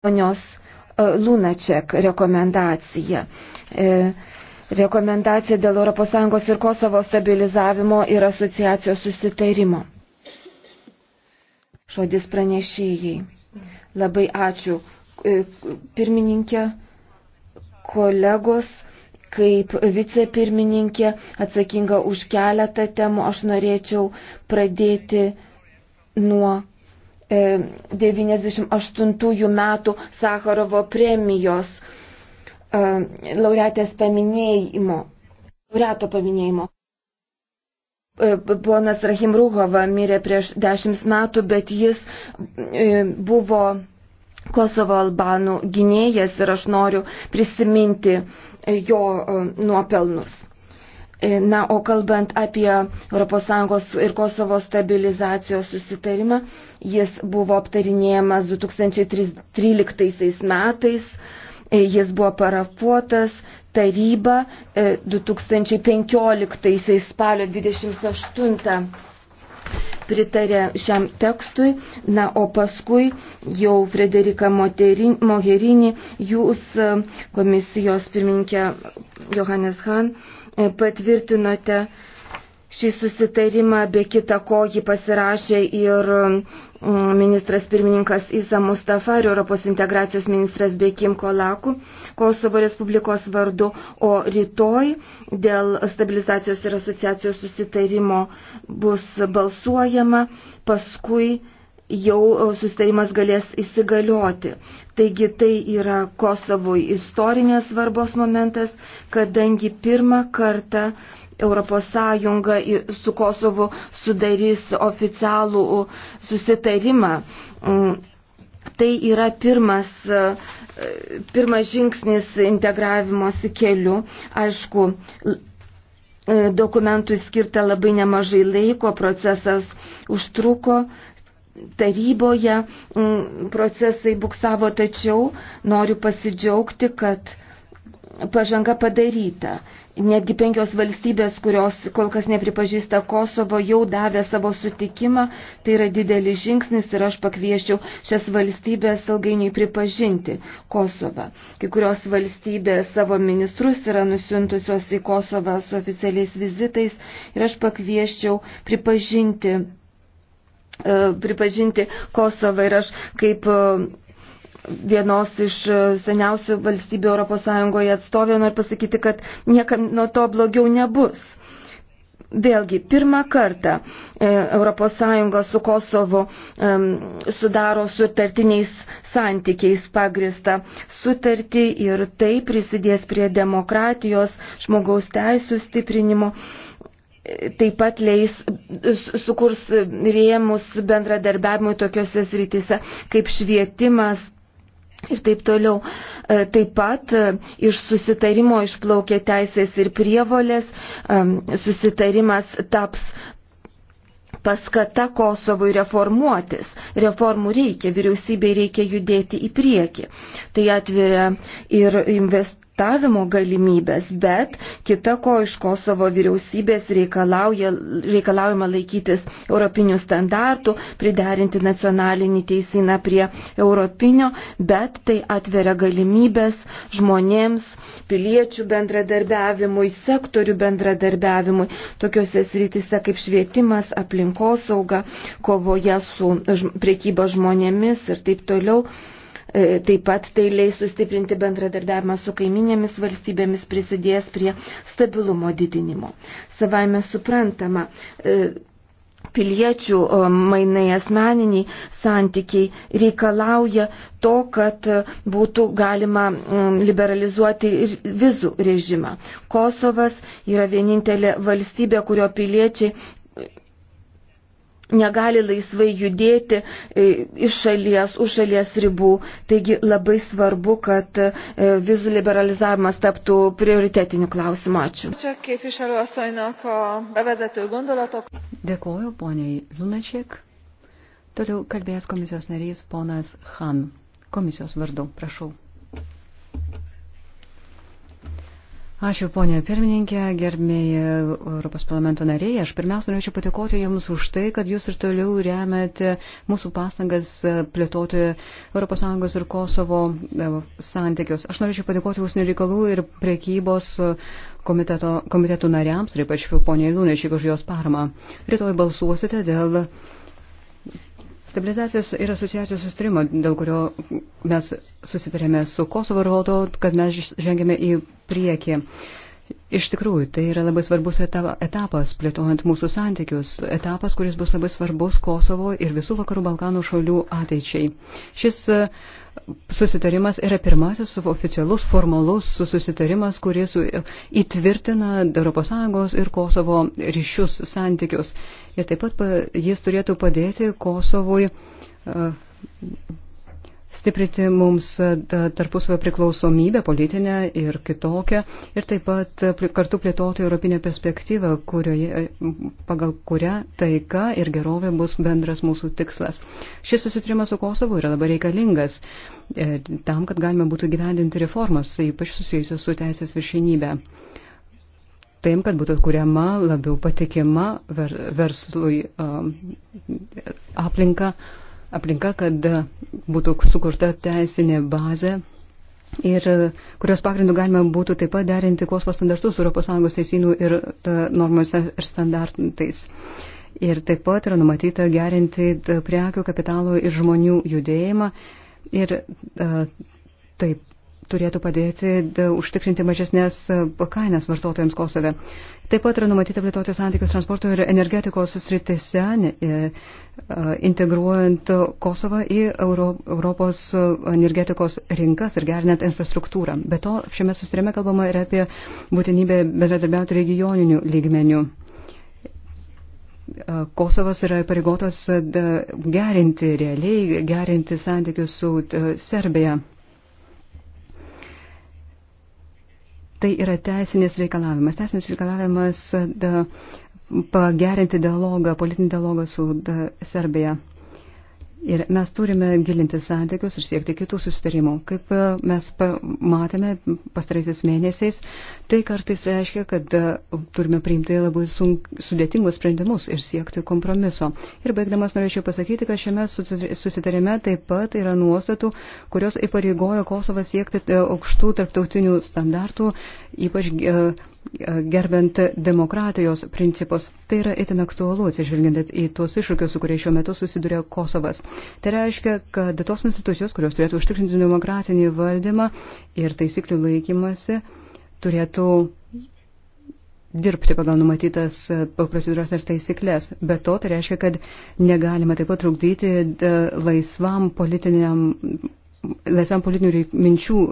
ponios e, Lunaček rekomendacija. E, rekomendacija dėl ES ir Kosovo stabilizavimo ir asociacijos susitarimo. Žodis pranešėjai. Labai ačiū. E, pirmininkė, kolegos, kaip vicepirmininkė atsakinga už keletą temų, aš norėčiau pradėti nuo 98 e, metų Sakarovo premijos e, laureatės paminėjimo. Laureato paminėjimo. E, ponas Rahim Rūhova mirė prieš dešimt metų, bet jis buvo Kosovo albanų gynėjas ir aš noriu prisiminti jo nuopelnus. Na, o kalbant apie ES ir Kosovo stabilizacijos susitarimą, jis buvo aptarinėjamas 2013 metais, jis buvo parafuotas taryba 2015 e, spalio 28 pritarė šiam tekstui, na, o paskui jau Frederika Mogherini, jūs e, komisijos pirmininkė Johannes Han, E, patvirtinote šį susitarimą, be kita ko jį pasirašė ir ministras pirmininkas Isa Mustafa ir Europos integracijos ministras Bekim Kolaku Kosovo Respublikos vardu, o rytoj dėl stabilizacijos ir asociacijos susitarimo bus balsuojama, paskui jau e, sustarimas galės įsigalioti. Taigi tai yra Kosovui istorinės svarbos momentas, kadangi pirmą kartą ES su Kosovu sudarys oficialų e, susitarimą. Mm, tai yra pirmas, e, pirmas žingsnis integravimosi keliu. Aišku, dokumentui skirta labai nemažai laiko, procesas užtruko, taryboje mm, procesai buksavo, tačiau noriu pasidžiaugti, kad pažanga padaryta. Netgi penkios valstybės, kurios kol kas nepripažįsta Kosovo, jau davė savo sutikimą, tai yra didelis žingsnis ir aš pakvieščiau šias valstybės ilgainiui pripažinti Kosovą. Kai kurios valstybės savo ministrus yra nusintusios į Kosovą su oficialiais vizitais ir aš pakvieščiau pripažinti E, pripažinti Kosovą ir aš kaip e, vienos iš e, seniausių valstybių ES atstovė noriu pasakyti, kad niekam nuo to blogiau nebus. Vėlgi, pirmą kartą ES su Kosovu sudaro sutartiniais santykiais pagristą sutartį ir tai prisidės prie demokratijos, žmogaus teisų stiprinimo taip pat leis, sukurs rėmus bendradarbiavimui tokiuose srityse kaip švietimas. Ir taip toliau. E, taip pat e, iš susitarimo išplaukė teisės ir prievolės. E, susitarimas taps paskata Kosovui reformuotis. Reformų reikia, vyriausybei reikia judėti į priekį. Tai atveria ir investicijų investavimo galimybės, bet kita ko iš Kosovo vyriausybės reikalauja, reikalaujama laikytis europinių standartų, priderinti nacionalinį teisiną prie europinio, bet tai atveria galimybės žmonėms, piliečių bendradarbiavimui, sektorių bendradarbiavimui, tokiuose srityse kaip švietimas, aplinkosauga, kovoje su priekyba žmonėmis ir taip toliau. E, taip pat tai leis sustiprinti bendradarbiavimą su kaiminėmis valstybėmis, prisidės prie stabilumo didinimo. Savaime suprantama, e, piliečių mainai asmeniniai santykiai reikalauja to, kad e, būtų galima liberalizuoti vizų režimą. Kosovas yra vienintelė valstybė, kurio piliečiai negali laisvai judėti e, iš šalies, už šalies ribų. Taigi labai svarbu, kad e, vizų liberalizavimas taptų prioritetiniu klausimu. Ačiū. Dėkuoju poniai Lunačiek. Toliau kalbės komisijos narys ponas Han. Komisijos vardu, prašau. Ačiū, ponė pirmininkė, gerbėjai Europos parlamento nariai. Aš pirmiausia norėčiau patikoti Jums už tai, kad Jūs ir toliau remiate mūsų pastangas plėtoti ES ir Kosovo e, santykius. Aš norėčiau patikoti Jūsų reikalų ir priekybos komiteto, komitetų nariams, ir ypač poniai Lūnečiai už jos paramą. Rytoj balsuosite dėl Stabilizacijos ir asociacijos sustarimo, dėl kurio mes susitarėme su Kosovo, rodo, kad mes žengėme į priekį. Iš tikrųjų, tai yra labai svarbus etapas, plėtojant mūsų santykius, etapas, kuris bus labai svarbus Kosovo ir visų vakarų Balkanų šalių ateičiai. Šis uh, susitarimas yra pirmasis oficialus, formalus susitarimas, kuris įtvirtina ES ir Kosovo ryšius santykius. Ir taip pat jis turėtų padėti Kosovui e, stiprinti mums e, tarpusavio priklausomybę, politinę ir kitokią, ir taip pat kartu plėtoti europinę perspektyvą, kurioje, e, pagal kurią taika ir gerovė bus bendras mūsų tikslas. Šis susitrimas su Kosovu yra labai reikalingas e, tam, kad galime būtų gyvendinti reformas, ypač susijusios su teisės viršinybė. Taim, kad būtų kuriama labiau patikima verslui aplinka aplinka, kad būtų sukurta teisinė bazė ir kurios pagrindų galima būtų taip pat derinti kosmos standartus su ES teisynų ir e, normomis ir standartais. Ir taip pat yra numatyta gerinti e, prekių, kapitalo ir žmonių judėjimą ir e, taip turėtų padėti užtikrinti mažesnės kainas vartotojams Kosove. Taip pat yra numatyta plėtoti santykius transporto ir energetikos sritise, e, integruojant Kosovą į Euro, Europos energetikos rinkas ir gerinant infrastruktūrą. Be to, šiame sustarime kalbama ir apie būtinybę bendradarbiauti regioninių lygmenių. Kosovas yra pareigotas gerinti realiai, gerinti santykius su Serbija. tai yra teisinės reikalavimas. Teisinės reikalavimas da, pagerinti dialogą, politinį dialogą su da, Serbija. Ir mes turime gilinti santykius ir siekti kitų susitarimų. Kaip e, mes matėme pastaraisiais mėnesiais, tai kartais reiškia, kad e, turime priimti labai sunk, sudėtingus sprendimus ir siekti kompromiso. Ir baigdamas norėčiau pasakyti, kad šiame susitarime taip pat yra nuostatų, kurios įpareigojo Kosovą siekti e, aukštų tarptautinių standartų, ypač E, gerbent demokratijos principus. Tai yra itin aktualu atsižvelgiant į tuos iššūkius, su kuriais šiuo metu susiduria Kosovas. Tai reiškia, kad tos institucijos, kurios turėtų užtikrinti demokratinį valdymą ir taisyklių laikymasi, turėtų dirbti pagal numatytas e, procedūras ir taisyklės. Be to, tai reiškia, kad negalima taip pat trukdyti e, laisvam politiniam, laisvam politinių minčių,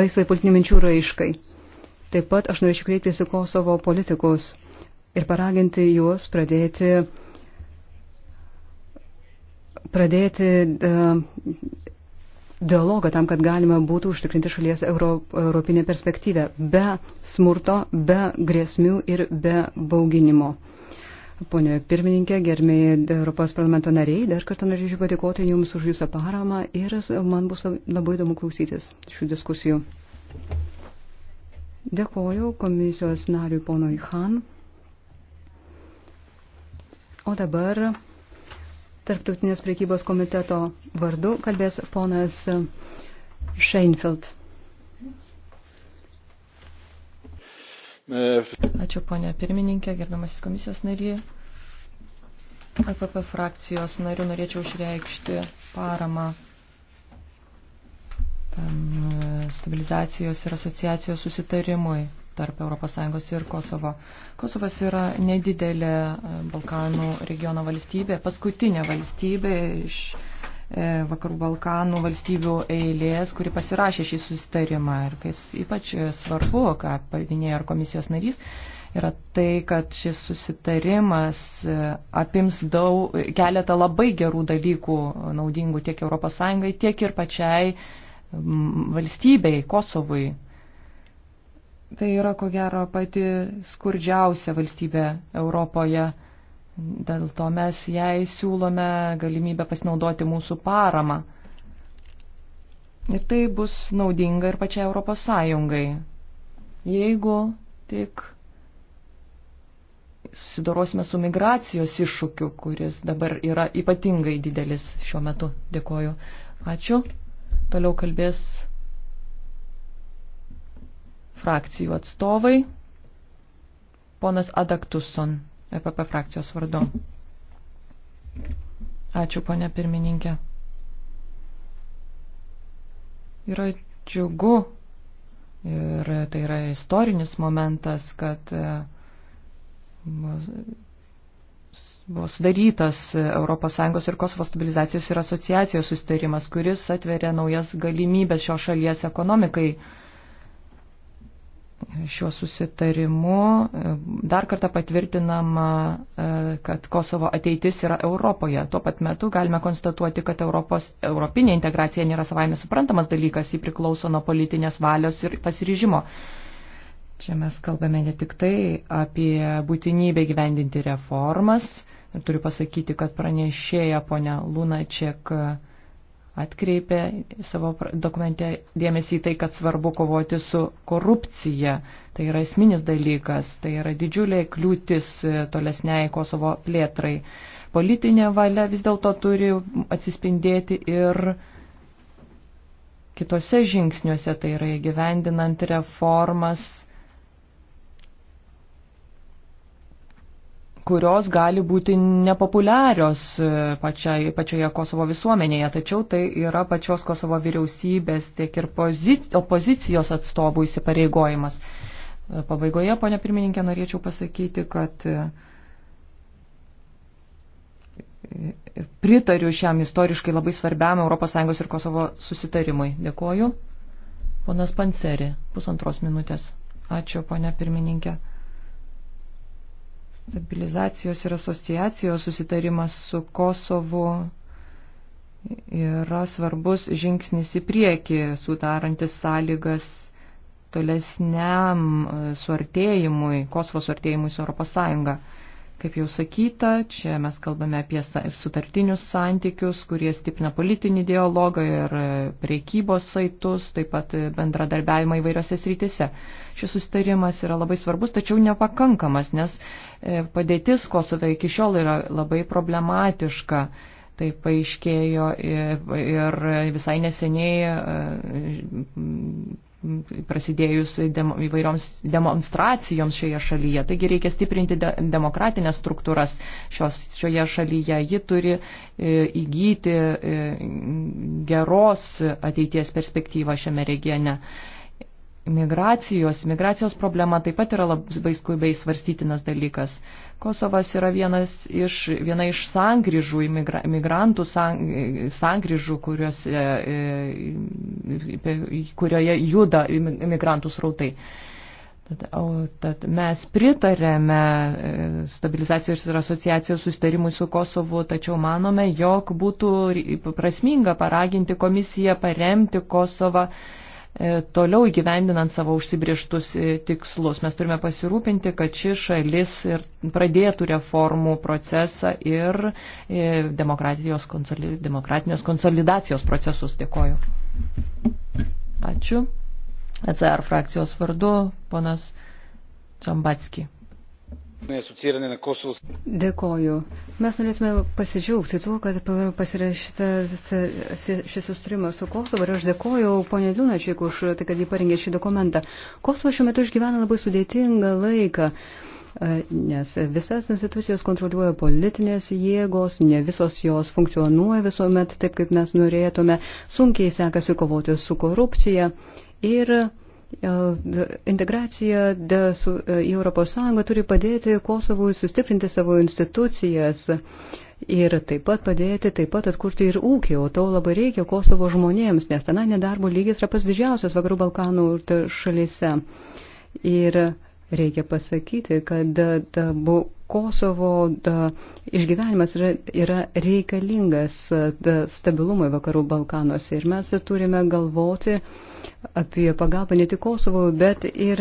laisvai politinių minčių raiškai. Taip pat aš norėčiau kreiptis į Kosovo politikus ir paraginti juos pradėti, pradėti e, dialogą tam, kad galima būtų užtikrinti šalies euro, europinę perspektyvę be smurto, be grėsmių ir be bauginimo. Pone pirmininkė, gerbėjai Europos parlamento nariai, dar kartą norėčiau padėkoti Jums už Jūsų paramą ir man bus labai įdomu klausytis šių diskusijų. Dėkoju komisijos nariui ponui Han. O dabar Tarptautinės priekybos komiteto vardu kalbės ponas Šeinfeld. Ačiū ponia pirmininkė, gerbiamasis komisijos narį. APP e frakcijos narių norėčiau išreikšti paramą tam e, stabilizacijos ir asociacijos susitarimui tarp ES ir Kosovo. Kosovas yra nedidelė e, Balkanų regiono valstybė, paskutinė valstybė iš e, Vakarų Balkanų valstybių eilės, kuri pasirašė šį susitarimą. Ir kas ypač svarbu, ką paminėjo ir komisijos narys, yra tai, kad šis susitarimas apims daug, keletą labai gerų dalykų naudingų tiek ES, tiek ir pačiai valstybei, Kosovui. Tai yra, ko gero, pati skurdžiausia valstybė Europoje. Dėl to mes jai siūlome galimybę pasinaudoti mūsų paramą. Ir tai bus naudinga ir pačiai Europos Sąjungai, jeigu tik susidorosime su migracijos iššūkiu, kuris dabar yra ypatingai didelis šiuo metu. Dėkoju. Ačiū. Toliau kalbės frakcijų atstovai. Ponas Adaktusson, EPP frakcijos vardu. Ačiū, ponė pirmininkė. Yra džiugu ir tai yra istorinis momentas, kad e, buvo sudarytas ES ir Kosovo stabilizacijos ir asociacijos sustarimas, kuris atveria naujas galimybės šios šalies ekonomikai. Šiuo susitarimu e, dar kartą patvirtinama, e, kad Kosovo ateitis yra Europoje. Tuo pat metu galime konstatuoti, kad Europos, europinė integracija nėra savaime suprantamas dalykas, ji priklauso nuo politinės valios ir pasiryžimo. Čia mes kalbame ne tik tai apie būtinybę gyvendinti reformas, Ir turiu pasakyti, kad pranešėja ponia Lunačiek atkreipė savo dokumente dėmesį į tai, kad svarbu kovoti su korupcija. Tai yra esminis dalykas, tai yra didžiulė kliūtis e, tolesniai Kosovo plėtrai. Politinė valia vis dėlto turi atsispindėti ir kitose žingsniuose, tai yra įgyvendinant reformas kurios gali būti nepopuliarios e, pačiai, pačioje Kosovo visuomenėje, tačiau tai yra pačios Kosovo vyriausybės tiek ir pozit, opozicijos atstovų įsipareigojimas. E, pabaigoje, ponia pirmininkė, norėčiau pasakyti, kad e, pritariu šiam istoriškai labai svarbiam ES ir Kosovo susitarimui. Dėkoju. Ponas Panceri, pusantros minutės. Ačiū, ponia pirmininkė stabilizacijos ir asociacijos susitarimas su Kosovu yra svarbus žingsnis į priekį, sudarantis sąlygas tolesniam suartėjimui, Kosovo suartėjimui su ES. Kaip jau sakyta, čia mes kalbame apie sutartinius santykius, kurie stiprina politinį dialogą ir priekybos saitus, taip pat bendradarbiavimą įvairiose srityse. Šis sustarimas yra labai svarbus, tačiau nepakankamas, nes e, padėtis Kosove iki šiol yra labai problematiška. Tai paaiškėjo e, ir visai neseniai e, prasidėjus demo, įvairioms demonstracijoms šioje šalyje. Taigi reikia stiprinti de, demokratinės struktūras šios, šioje šalyje. Ji turi e, įgyti e, geros ateities perspektyvą šiame regione. E, migracijos, migracijos problema taip pat yra labai skubiai svarstytinas dalykas. Kosovas yra vienas iš, viena iš sangryžų, imigra, migrantų sang, sangryžų, kurios, e, kurioje juda imigrantų srautai. Tad, o, tad mes pritarėme e, stabilizacijos ir asociacijos sustarimui su Kosovu, tačiau manome, jog būtų prasminga paraginti komisiją paremti Kosovą E, toliau įgyvendinant savo užsibrieštus e, tikslus. Mes turime pasirūpinti, kad ši šalis ir pradėtų reformų procesą ir e, demokratijos, demokratinės konsolidacijos procesus. Dėkoju. Ačiū. ECR frakcijos vardu ponas Čambatski. Dėkoju. Mes norėtume pasidžiaugti tuo, kad pasirašyta šis sustrimas su Kosovo ir aš dėkoju ponė Liūnačiai už tai, kad jį parengė šį dokumentą. Kosovo šiuo metu išgyvena labai sudėtingą laiką, e, nes visas institucijos kontroliuoja politinės jėgos, ne visos jos funkcionuoja visuomet taip, kaip mes norėtume, sunkiai sekasi kovoti su korupcija ir E, integracija e, į Europos Sąjungą turi padėti Kosovui sustiprinti savo institucijas ir taip pat padėti, taip pat atkurti ir ūkį, o to labai reikia Kosovo žmonėms, nes tenai nedarbo lygis yra pas didžiausias vakarų Balkanų šalyse. Ir reikia pasakyti, kad da, bu, Kosovo da, išgyvenimas yra, yra reikalingas da, stabilumui vakarų Balkanuose ir mes turime galvoti, uh, apie pagalbą ne tik Kosovo, bet ir,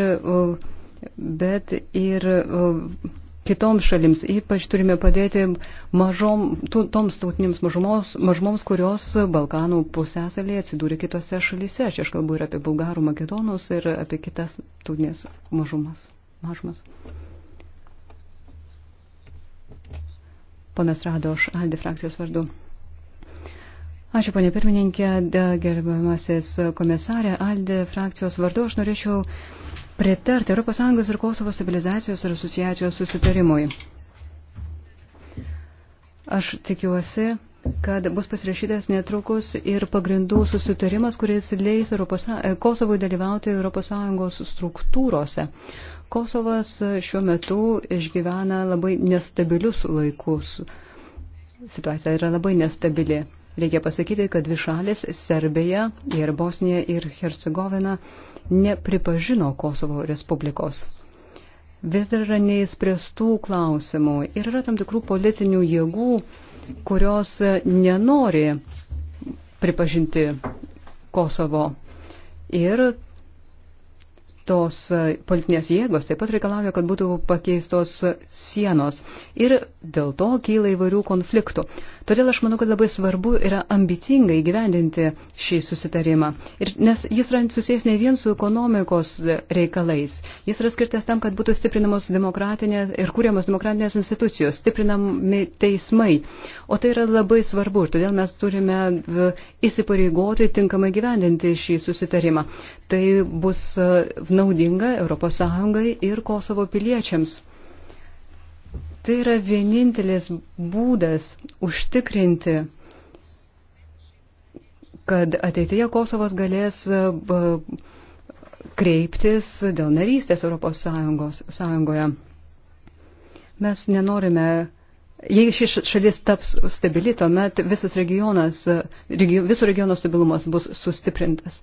bet ir kitoms šalims. Ypač turime padėti mažom, toms tautinėms mažumos, mažumoms, kurios Balkanų pusėsalėje atsidūrė kitose šalyse. Čia aš kalbu ir apie bulgarų, makedonus ir apie kitas tautinės mažumas. mažumas. Ponas Radoš, Aldi frakcijos vardu. Ačiū, ponė pirmininkė, gerbiamasis komisarė Aldė frakcijos vardu. Aš norėčiau pritarti ES ir Kosovo stabilizacijos ir asociacijos susitarimui. Aš tikiuosi, kad bus pasirašytas netrukus ir pagrindų susitarimas, kuris leis Europos, Kosovui dalyvauti ES struktūrose. Kosovas šiuo metu išgyvena labai nestabilius laikus. Situacija yra labai nestabili. Reikia pasakyti, kad dvi šalis - Serbija ir Bosnija ir Hercegovina - nepripažino Kosovo Respublikos. Vis dar yra neįspręstų klausimų ir yra tam tikrų politinių jėgų, kurios nenori pripažinti Kosovo. Ir tos e, politinės jėgos taip pat reikalauja, kad būtų pakeistos sienos ir dėl to kyla įvairių konfliktų. Todėl aš manau, kad labai svarbu yra ambicingai gyvendinti šį susitarimą, ir, nes jis yra susijęs ne vien su ekonomikos reikalais, jis yra skirtas tam, kad būtų stiprinamos demokratinė ir kūriamos demokratinės institucijos, stiprinami teismai, o tai yra labai svarbu ir todėl mes turime e, įsipareigoti tinkamai gyvendinti šį susitarimą tai bus e, naudinga ES ir Kosovo piliečiams. Tai yra vienintelis būdas užtikrinti, kad ateityje Kosovas galės e, kreiptis dėl narystės Europos Sąjungos, Sąjungoje. Mes nenorime, jei ši šalis taps stabili, tuomet visas regionas, e, regio, viso regiono stabilumas bus sustiprintas.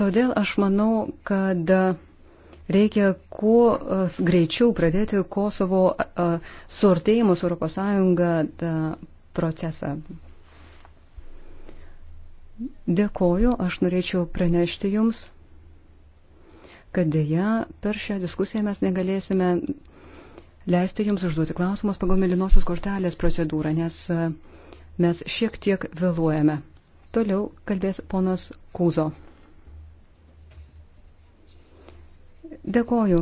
Todėl aš manau, kad reikia kuo e, greičiau pradėti Kosovo e, e, suartėjimo su ES procesą. Dėkoju, aš norėčiau pranešti Jums, kad dėja per šią diskusiją mes negalėsime leisti Jums užduoti klausimus pagal melinosios kortelės procedūrą, nes mes šiek tiek vėluojame. Toliau kalbės ponas Kūzo. Dėkoju.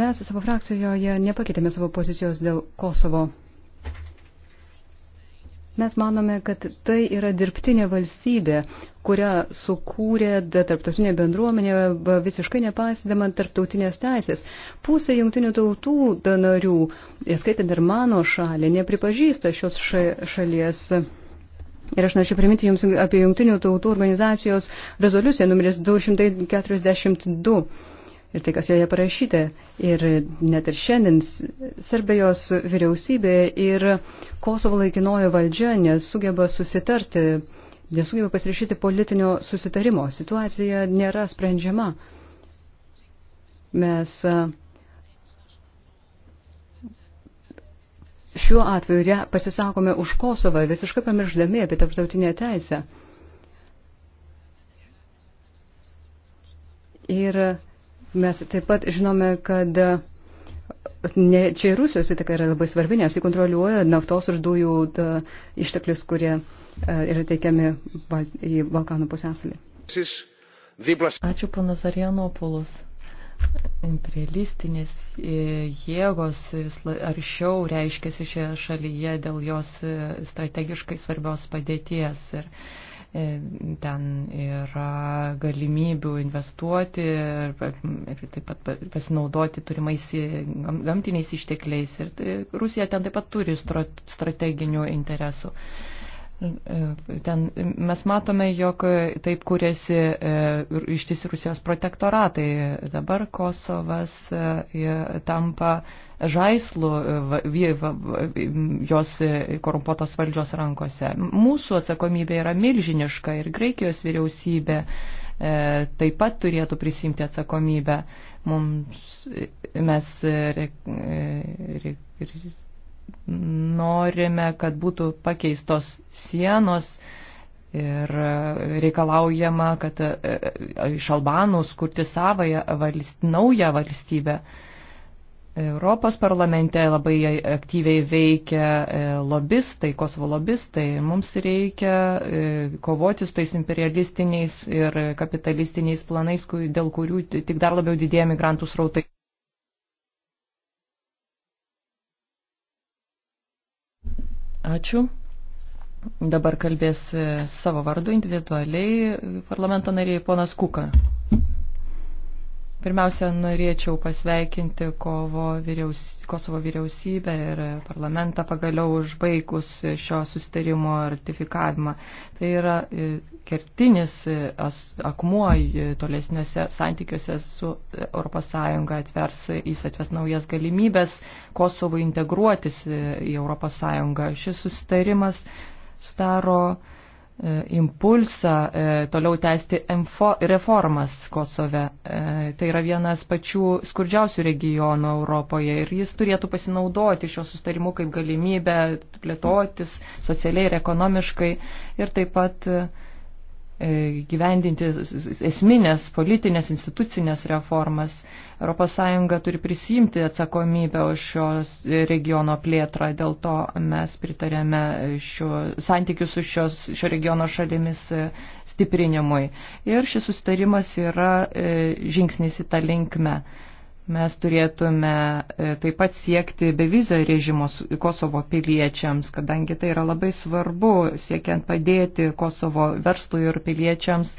Mes savo frakcijoje nepakeitėme savo pozicijos dėl Kosovo. Mes manome, kad tai yra dirbtinė valstybė, kurią sukūrė tarptautinė bendruomenė visiškai nepasidama tarptautinės teisės. Pusė jungtinių tautų narių, skaitant ir mano šalį, nepripažįsta šios šalies Ir aš norėčiau priminti Jums apie Jungtinių tautų organizacijos rezoliuciją numeris 242 ir tai, kas joje parašyta. Ir net ir šiandien Serbijos vyriausybė ir Kosovo laikinojo valdžia nesugeba susitarti, nesugeba pasirašyti politinio susitarimo. Situacija nėra sprendžiama. Mes uh, šiuo atveju pasisakome už Kosovą, visiškai pamiršdami apie tarptautinę teisę. Ir mes taip pat žinome, kad e, ne, čia ir Rusijos įtaka yra labai svarbi, nes jį kontroliuoja naftos ir dujų da, e, išteklius, kurie e, yra teikiami į Balkanų pusęsalį. Ačiū, panas Arianopoulos imperialistinės e, jėgos aršiau reiškiasi šioje šalyje dėl jos e, strategiškai svarbios padėties. Ir e, ten yra galimybių investuoti ir taip pat pasinaudoti turimais gamtiniais ištekliais. Ir Rusija ten taip pat turi strateginių interesų. Ten mes matome, jog taip kūrėsi e, ištisi Rusijos protektoratai. Dabar Kosovas e, tampa žaislų e, jos korumpuotos valdžios rankose. Mūsų atsakomybė yra milžiniška ir Graikijos vyriausybė taip pat turėtų prisimti atsakomybę. Mums, mes re, re, re, norime, kad būtų pakeistos sienos ir reikalaujama, kad e, e, iš Albanų skurti savoją valst, naują valstybę. Europos parlamente labai aktyviai veikia e, lobistai, Kosovo lobistai. Mums reikia kovoti su tais imperialistiniais ir kapitalistiniais planais, dėl kurių tik dar labiau didėja migrantų srautai. Ačiū. Dabar kalbės savo vardu individualiai parlamento nariai ponas Kuka. Pirmiausia, norėčiau pasveikinti Kovo vyriaus, Kosovo vyriausybę ir parlamentą pagaliau užbaigus šio sustarimo ratifikavimą. Tai yra e, kertinis e, akmuo e, tolesniuose santykiuose su ES atvers, jis atvers naujas galimybės Kosovui integruotis į ES. Šis sustarimas sudaro E, impulsą e, toliau tęsti reformas Kosove. E, tai yra vienas pačių skurdžiausių regionų Europoje ir jis turėtų pasinaudoti šio sustarimu kaip galimybę plėtotis socialiai ir ekonomiškai ir taip pat uh, E, gyvendinti esminės politinės institucinės reformas. ES turi prisimti atsakomybę už šios regiono plėtrą, dėl to mes pritarėme šio, santykių su šios, šio regiono šalimis e, stiprinimui. Ir šis sustarimas yra e, žingsnis į tą linkmę mes turėtume e, taip pat siekti bevizio režimo Kosovo piliečiams, kadangi tai yra labai svarbu, siekiant padėti Kosovo verslui ir piliečiams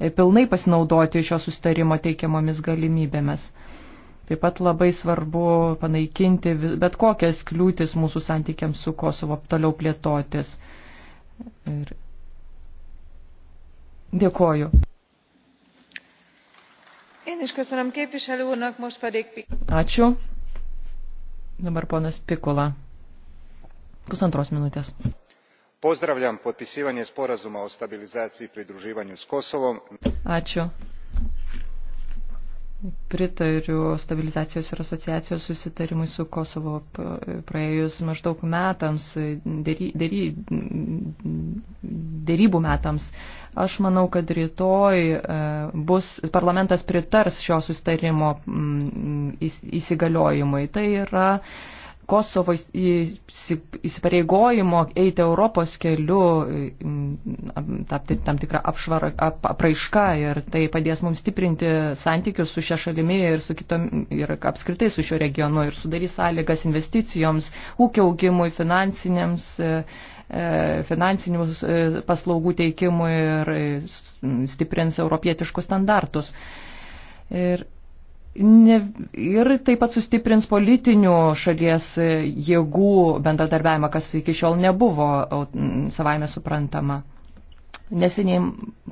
e, pilnai pasinaudoti šio sustarimo teikiamomis galimybėmis. Taip pat labai svarbu panaikinti bet kokias kliūtis mūsų santykiams su Kosovo toliau plėtotis. Ir dėkoju. Ačiū. Dabar ponas Pikula. Pusantros minutės. Pozdravljam potpisivanje sporazuma o stabilizaciji i pridruživanju s Kosovom. Ačiū. Pritariu stabilizacijos ir asociacijos susitarimui su Kosovo praėjus maždaug metams, dėry, dėry, dėrybų metams. Aš manau, kad rytoj e, bus, parlamentas pritars šio susitarimo įsigaliojimui. Tai yra uh, Kosovo įsipareigojimo eiti Europos keliu, tapti tam tikrą apšvarą, ap, apraišką ir tai padės mums stiprinti santykius su šia šalimi ir, su kitom, ir apskritai su šio regionu ir sudarys sąlygas investicijoms, ūkio augimui, finansiniams e, e, finansinių e, paslaugų teikimui ir stiprins europietiškus standartus. Ir Ne, ir taip pat sustiprins politinių šalies jėgų bendradarbiavimą, kas iki šiol nebuvo mm, savaime suprantama. Neseniai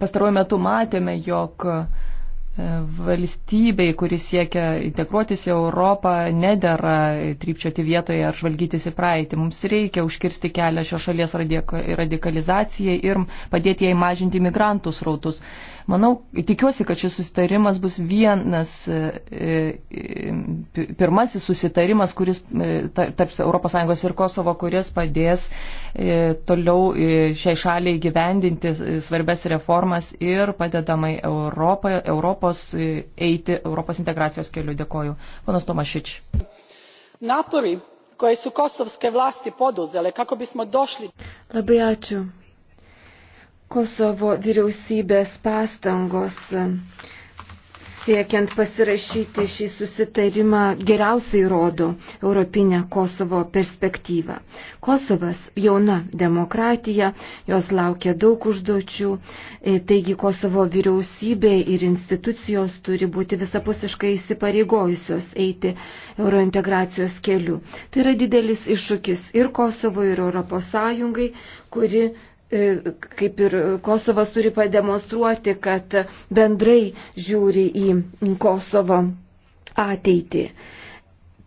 pastaruoju metu matėme, jog e, valstybei, kuris siekia integruotis į Europą, nedėra trypčioti vietoje ar žvalgytis į praeitį. Mums reikia užkirsti kelią šios šalies radikalizacijai ir padėti jai mažinti imigrantų srautus. Manau, tikiuosi, kad šis susitarimas bus vienas, e, e, pirmasis susitarimas, kuris e, tarp ES ir Kosovo, kuris padės toliau šiai šaliai gyvendinti svarbes reformas ir padedamai Europą, Europos eiti Europos integracijos keliu. Dėkoju. Panas Tomašič. Napori koje su kosovske vlasti poduzele kako bismo došli. Labai ačiū. Kosovo vyriausybės pastangos e, siekiant pasirašyti šį susitarimą geriausiai rodo europinę Kosovo perspektyvą. Kosovas jauna demokratija, jos laukia daug užduočių, e, taigi Kosovo vyriausybė ir institucijos turi būti visapusiškai įsipareigojusios eiti eurointegracijos keliu. Tai yra didelis iššūkis ir Kosovo, ir Europos Sąjungai, kuri E, kaip ir Kosovas turi pademonstruoti, kad bendrai žiūri į Kosovo ateitį.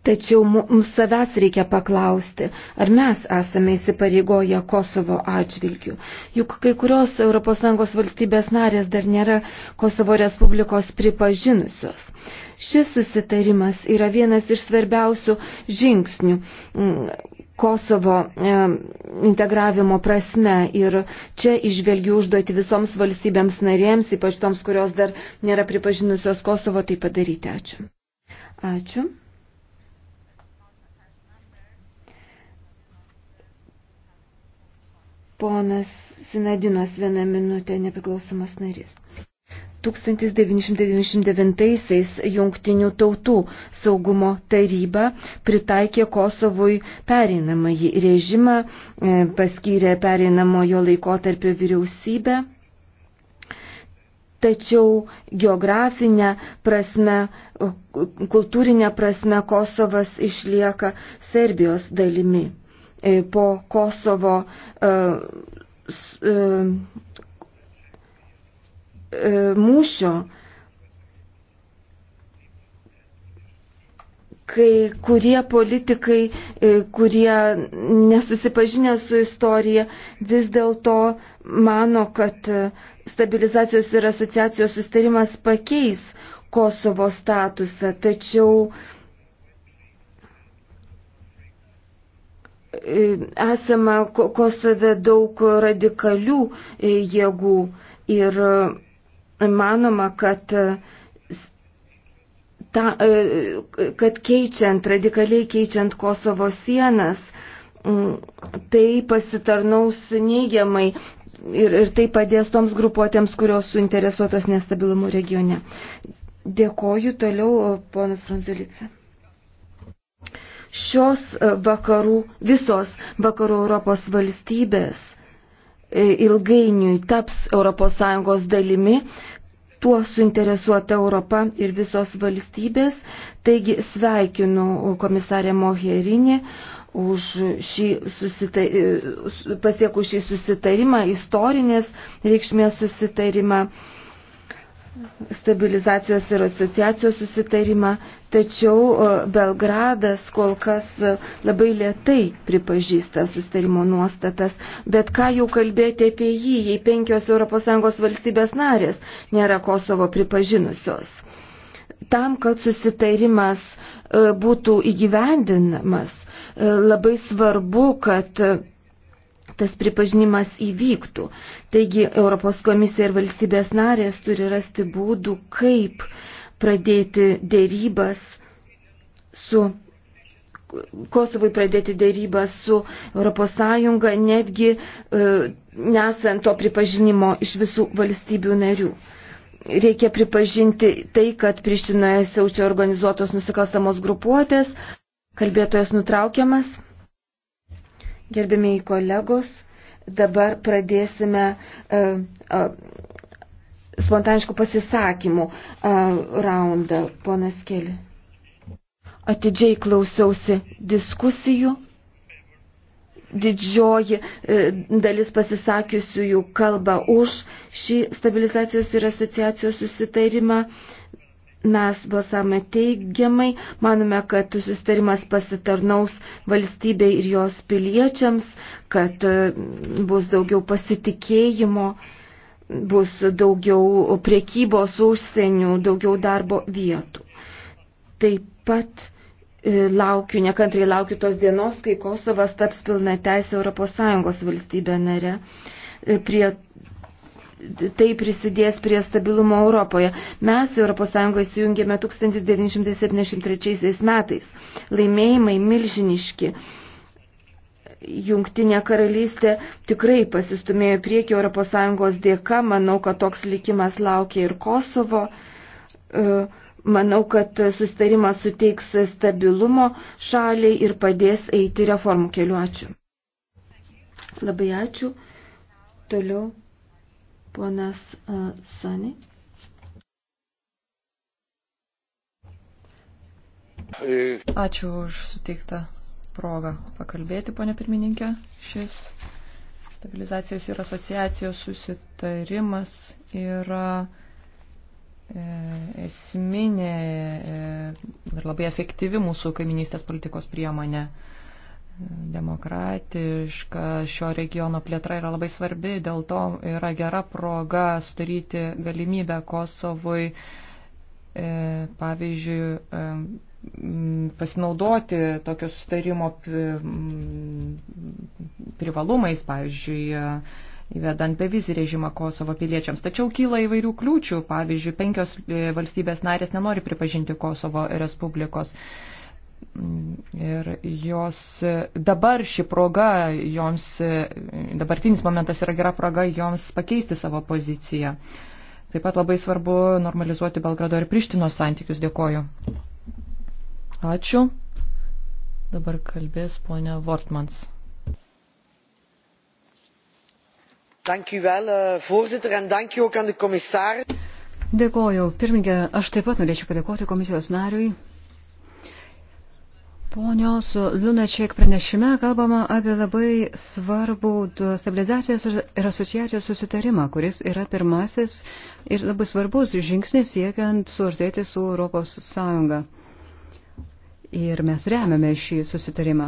Tačiau mums savęs reikia paklausti, ar mes esame įsipareigoję Kosovo atžvilgių. Juk kai kurios ES valstybės narės dar nėra Kosovo Respublikos pripažinusios. Šis susitarimas yra vienas iš svarbiausių žingsnių Kosovo e, integravimo prasme ir čia išvelgiu užduoti visoms valstybėms narėms, ypač toms, kurios dar nėra pripažinusios Kosovo, tai padaryti. Ačiū. Ačiū. Ponas Sinadinos vieną minutę nepriklausomas narys. 1999-aisiais Jungtinių tautų saugumo taryba pritaikė Kosovui pereinamąjį režimą, e, paskyrė pereinamojo laikotarpio vyriausybę, tačiau geografinė prasme, kultūrinė prasme Kosovas išlieka Serbijos dalimi. E, po Kosovo e, e, mūšio kai kurie politikai, kurie nesusipažinę su istorija, vis dėlto mano, kad stabilizacijos ir asociacijos sustarimas pakeis Kosovo statusą. Tačiau esama Kosove daug radikalių e, jėgų ir e, manoma, kad, e, ta, kad keičiant, radikaliai keičiant Kosovo sienas, tai pasitarnaus neigiamai ir, ir tai padės toms grupuotėms, kurios suinteresuotos nestabilumu regione. Dėkoju toliau, ponas Franzulica šios e, vakarų, visos vakarų Europos valstybės e, ilgainiui taps ES dalimi, tuo suinteresuota Europa ir visos valstybės. Taigi sveikinu komisarę Moherinį už šį susita... E, pasiekų šį susitarimą, istorinės reikšmės susitarimą stabilizacijos ir asociacijos susitarimą, tačiau e, Belgradas kol kas e, labai lietai pripažįsta susitarimo nuostatas, bet ką jau kalbėti apie jį, jei penkios ES valstybės narės nėra Kosovo pripažinusios. Tam, kad susitarimas e, būtų įgyvendinamas, labai svarbu, kad tas pripažinimas įvyktų. Taigi Europos komisija ir valstybės narės turi rasti būdų, kaip pradėti dėrybas su Kosovui pradėti dėrybą su ES, netgi e, nesant to pripažinimo iš visų valstybių narių. Reikia pripažinti tai, kad Prištinoje siaučia organizuotos nusikalstamos grupuotės, kalbėtojas nutraukiamas. Gerbimiai kolegos, dabar pradėsime uh, uh, spontaniškų pasisakymų uh, raundą, ponas Keli. Atidžiai klausiausi diskusijų. Didžioji e, dalis pasisakiusiųjų kalba už šį stabilizacijos ir asociacijos susitarimą. Uh, Mes balsavome teigiamai, manome, kad susitarimas pasitarnaus valstybei ir jos piliečiams, kad e, bus daugiau pasitikėjimo, bus daugiau priekybos užsienių, daugiau darbo vietų. Taip pat e, laukiu, nekantriai laukiu tos dienos, kai Kosovas taps pilna teisė ES valstybė nare. E, prie tai prisidės prie stabilumo Europoje. Mes ES įsijungėme 1973 metais. Laimėjimai milžiniški. Jungtinė karalystė tikrai pasistumėjo prieki ES dėka. Manau, kad toks likimas laukia ir Kosovo. E, manau, kad sustarimas suteiks stabilumo šaliai ir padės eiti reformų keliu. Ačiū. Labai ačiū. Toliau. Ponas uh, Sani. Ačiū už suteiktą progą pakalbėti, ponė pirmininkė. Šis stabilizacijos ir asociacijos susitarimas yra e, esminė e, ir labai efektyvi mūsų kaiminystės politikos priemonė demokratiška šio regiono plėtra yra labai svarbi, dėl to yra gera proga sudaryti galimybę Kosovui, e, pavyzdžiui, e, pasinaudoti tokio sustarimo privalumais, pavyzdžiui, e, įvedant bevizį režimą Kosovo piliečiams. Tačiau kyla įvairių kliūčių, pavyzdžiui, penkios valstybės narės nenori pripažinti Kosovo Respublikos. Ir jos dabar ši proga, joms, dabartinis momentas yra gera proga joms pakeisti savo poziciją. Taip pat labai svarbu normalizuoti Belgrado ir Prištinos santykius. Dėkoju. Ačiū. Dabar kalbės ponia Wortmans. Dank u wel, eh, voorzitter, en dank u ook aan de commissaris. Dėkoju. Pirmingė, aš taip pat norėčiau padėkoti komisijos nariui Ponios Lunačiek pranešime kalbama apie labai svarbų stabilizacijos ir asociacijos susitarimą, kuris yra pirmasis ir labai svarbus žingsnis siekiant suartėti su Europos Sąjunga. Ir mes remiame šį susitarimą.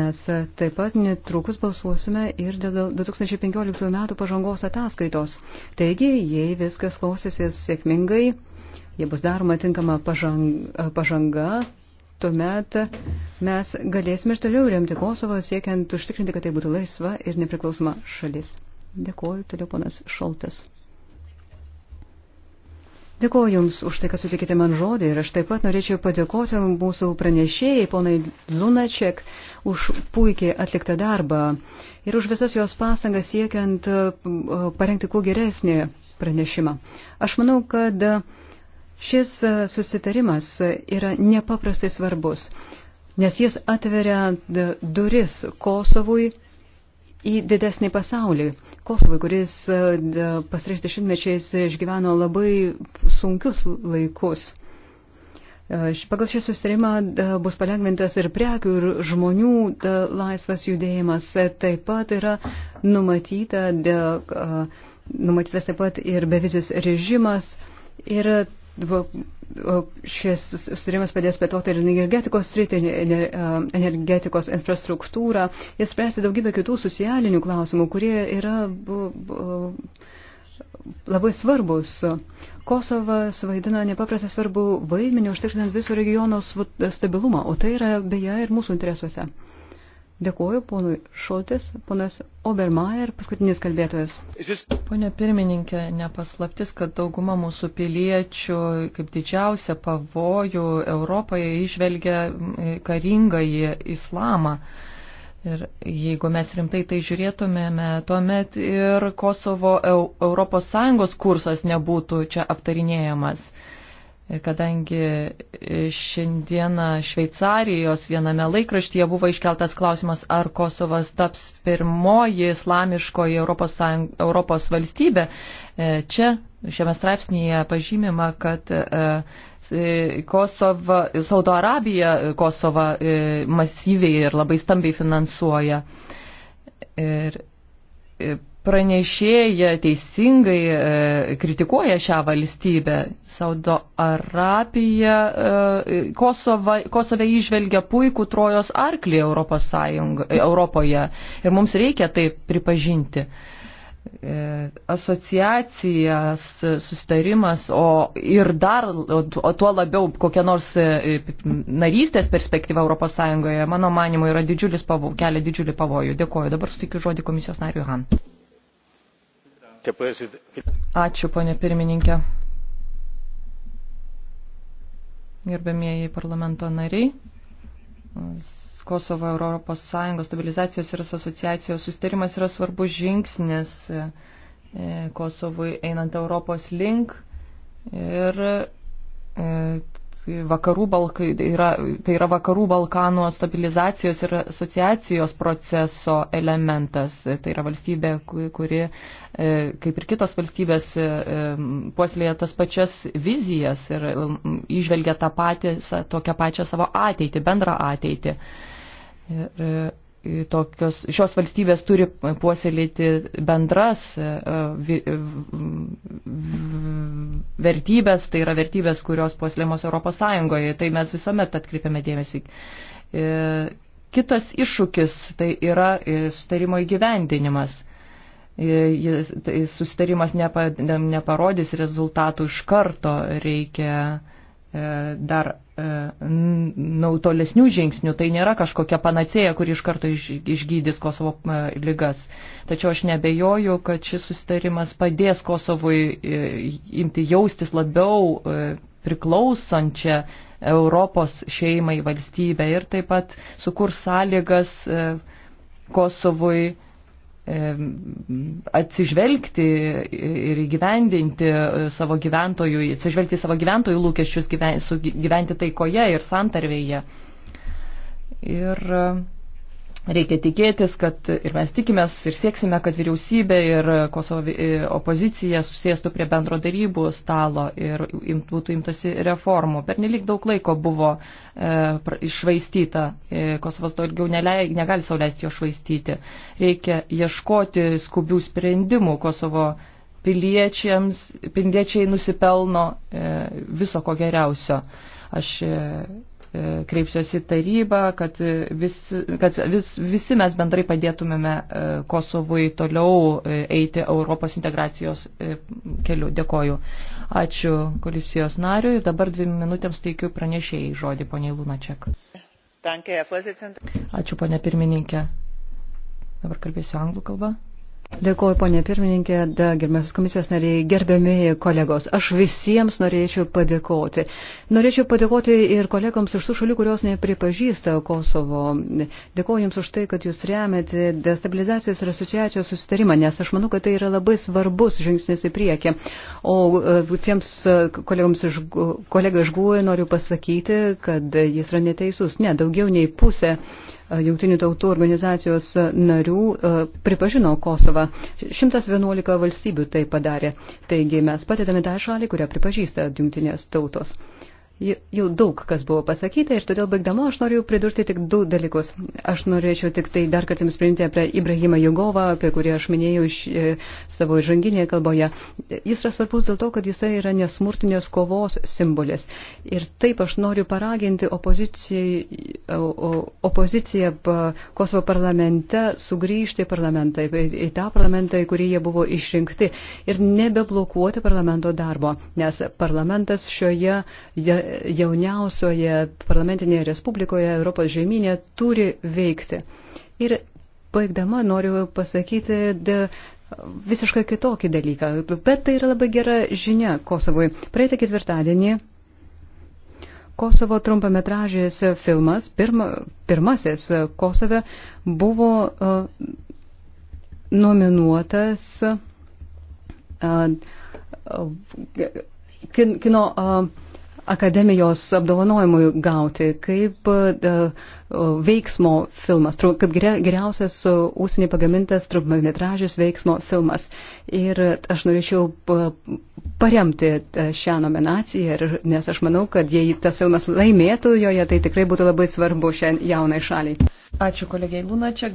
Mes taip pat netrukus balsuosime ir dėl 2015 metų pažangos ataskaitos. Taigi, jei viskas klausysis sėkmingai, jei bus daroma tinkama pažang, pažanga, tuomet mes galėsime ir toliau remti Kosovo, siekiant užtikrinti, kad tai būtų laisva ir nepriklausoma šalis. Dėkuoju, toliau ponas Šoltas. Dėkuoju Jums už tai, kad sutikite man žodį ir aš taip pat norėčiau padėkoti mūsų pranešėjai, ponai Lunaček, už puikiai atliktą darbą ir už visas jos pastangas siekiant uh, parengti kuo geresnį pranešimą. Aš manau, kad Šis e, susitarimas e, yra nepaprastai svarbus, nes jis atveria duris Kosovui į didesnį pasaulį. Kosovui, kuris e, pasreišti šimtmečiais išgyveno labai sunkius laikus. Pagal šį susitarimą bus palengvintas ir prekių, ir žmonių laisvas judėjimas. Taip pat yra numatyta, numatytas taip pat ir bevizis režimas. Ir šis sustarimas padės plėtoti ir energetikos sritį, energetikos infrastruktūrą ir spręsti daugybę kitų socialinių klausimų, kurie yra labai svarbus. Kosovas vaidina nepaprastai svarbu vaidmenį užtikrinant viso regiono stabilumą, o tai yra beje ir mūsų interesuose. Dėkuoju ponui Šoltis, ponas Obermaier, paskutinis kalbėtojas. Pone pirmininkė, nepaslaptis, kad dauguma mūsų piliečių kaip didžiausia pavojų Europoje išvelgia e, karingąjį islamą. Ir jeigu mes rimtai tai žiūrėtumėme, tuomet ir Kosovo ES kursas nebūtų čia aptarinėjamas kadangi šiandieną Šveicarijos viename laikraštyje buvo iškeltas klausimas, ar Kosovas taps pirmoji islamiškoji Europos, Sąjung, Europos valstybė. E, čia šiame straipsnėje pažymima, kad e, e, Kosova, Saudo Arabija Kosovą masyviai ir labai stambiai finansuoja. Ir pranešėja teisingai e, kritikuoja šią valstybę. Saudo Arabija, e, Kosova, Kosove išvelgia puikų trojos arklį Europos Sąjungo, e, Europoje ir mums reikia tai pripažinti. E, asociacijas, sustarimas, o ir dar, o, o tuo labiau kokia nors e, narystės perspektyva Europos Sąjungoje, mano manimo, yra didžiulis pavojų, kelia didžiulį pavojų. Dėkuoju. Dabar sutikiu žodį komisijos nariui Han. Ačiū, ponė pirmininkė. Gerbėmieji parlamento nariai, Kosovo Europos Sąjungos stabilizacijos ir asociacijos sustarimas yra svarbus žingsnis e, Kosovui einant Europos link ir e, vakarų Balkai, yra, tai yra vakarų Balkanų stabilizacijos ir asociacijos proceso elementas. Tai yra valstybė, kuri, e, kaip ir kitos valstybės, e, puoslėja tas pačias vizijas ir išvelgia tą patį, tokią pačią savo ateitį, bendrą ateitį. Ir e, tokios, šios valstybės turi puoselėti bendras e, e, vertybės, tai yra vertybės, kurios puoselėmos Europos Sąjungoje. Tai mes visuomet atkreipiame dėmesį. E, kitas iššūkis tai yra sustarimo įgyvendinimas. Jis, tai sustarimas nepa, neparodys rezultatų iš karto, reikia dar E, nau, tolesnių žingsnių. Tai nėra kažkokia panacėja, kuri iš karto iš, išgydys Kosovo e, lygas. Tačiau aš nebejoju, kad šis susitarimas padės Kosovui e, imti jaustis labiau priklausančią Europos šeimai valstybę ir taip pat sukurs sąlygas Kosovui atsižvelgti ir įgyvendinti savo gyventojų, atsižvelgti savo gyventojų lūkesčius gyven, gyventi taikoje ir santarvėje. Ir Reikia tikėtis, kad ir mes tikimės ir sieksime, kad vyriausybė ir Kosovo e, opozicija susėstų prie bendro darybų stalo ir imt, būtų imtasi reformų. Per nelik daug laiko buvo e, išvaistyta. E, Kosovas daugiau nelei, negali sauliaisti jo švaistyti. Reikia ieškoti skubių sprendimų. Kosovo piliečiams, piliečiai nusipelno e, viso ko geriausio. Aš e, E, kreipsiuosi į tarybą, kad, vis, kad vis, visi mes bendrai padėtumėme e, Kosovui toliau e, eiti Europos integracijos keliu. Dėkoju. Ačiū koalicijos nariui. Dabar dvi minutėms teikiu pranešėjai žodį, ponė Lunačiak. Ačiū, ponė pirmininkė. Dabar kalbėsiu anglų kalbą. Dėkuoju, ponė pirmininkė, gerbiamasis komisijos nariai, gerbėmėjai kolegos. Aš visiems norėčiau padėkoti. Norėčiau padėkoti ir kolegoms iš tų šalių, kurios nepripažįsta Kosovo. Dėkuoju Jums už tai, kad Jūs remiate destabilizacijos ir asociacijos susitarimą, nes aš manau, kad tai yra labai svarbus žingsnis į priekį. O e, tiems e, kolegoms iš, kolega iš Guoja noriu pasakyti, kad jis yra neteisus. Ne, daugiau nei pusė E, Jungtinių tautų organizacijos narių e, pripažino Kosovą. 111 valstybių tai padarė. Taigi mes padedame tą šalį, kurią pripažįsta Jungtinės tautos. Jau daug kas buvo pasakyta ir todėl baigdama aš noriu pridurti tik du dalykus. Aš norėčiau tik tai dar kartą jums priminti apie Ibrahimą Jugovą, apie kurį aš minėjau iš e, savo žanginėje kalboje. Jis yra svarbus dėl to, kad jisai yra nesmurtinės kovos simbolis. Ir taip aš noriu paraginti opoziciją, opoziciją Kosovo parlamente sugrįžti į parlamentą, į tą parlamentą, į kurį jie buvo išrinkti ir nebeblokuoti parlamento darbo, nes parlamentas šioje jauniausioje parlamentinėje respublikoje Europos žemynė turi veikti. Ir baigdama noriu pasakyti de, visiškai kitokį dalyką, bet tai yra labai gera žinia Kosovui. Praeitą ketvirtadienį Kosovo trumpametražės filmas, pirma, pirmasis Kosove, buvo uh, nominuotas uh, uh, kin, kino. Uh, akademijos apdovanojimui gauti, kaip e, e, veiksmo filmas, kaip geriausias e, ūsinį pagamintas trumpametražis veiksmo filmas. Ir aš norėčiau paremti šią nominaciją, nes aš manau, kad jei tas filmas laimėtų joje, tai tikrai būtų labai svarbu šią jaunai šaliai. Ačiū kolegiai Lunačiak.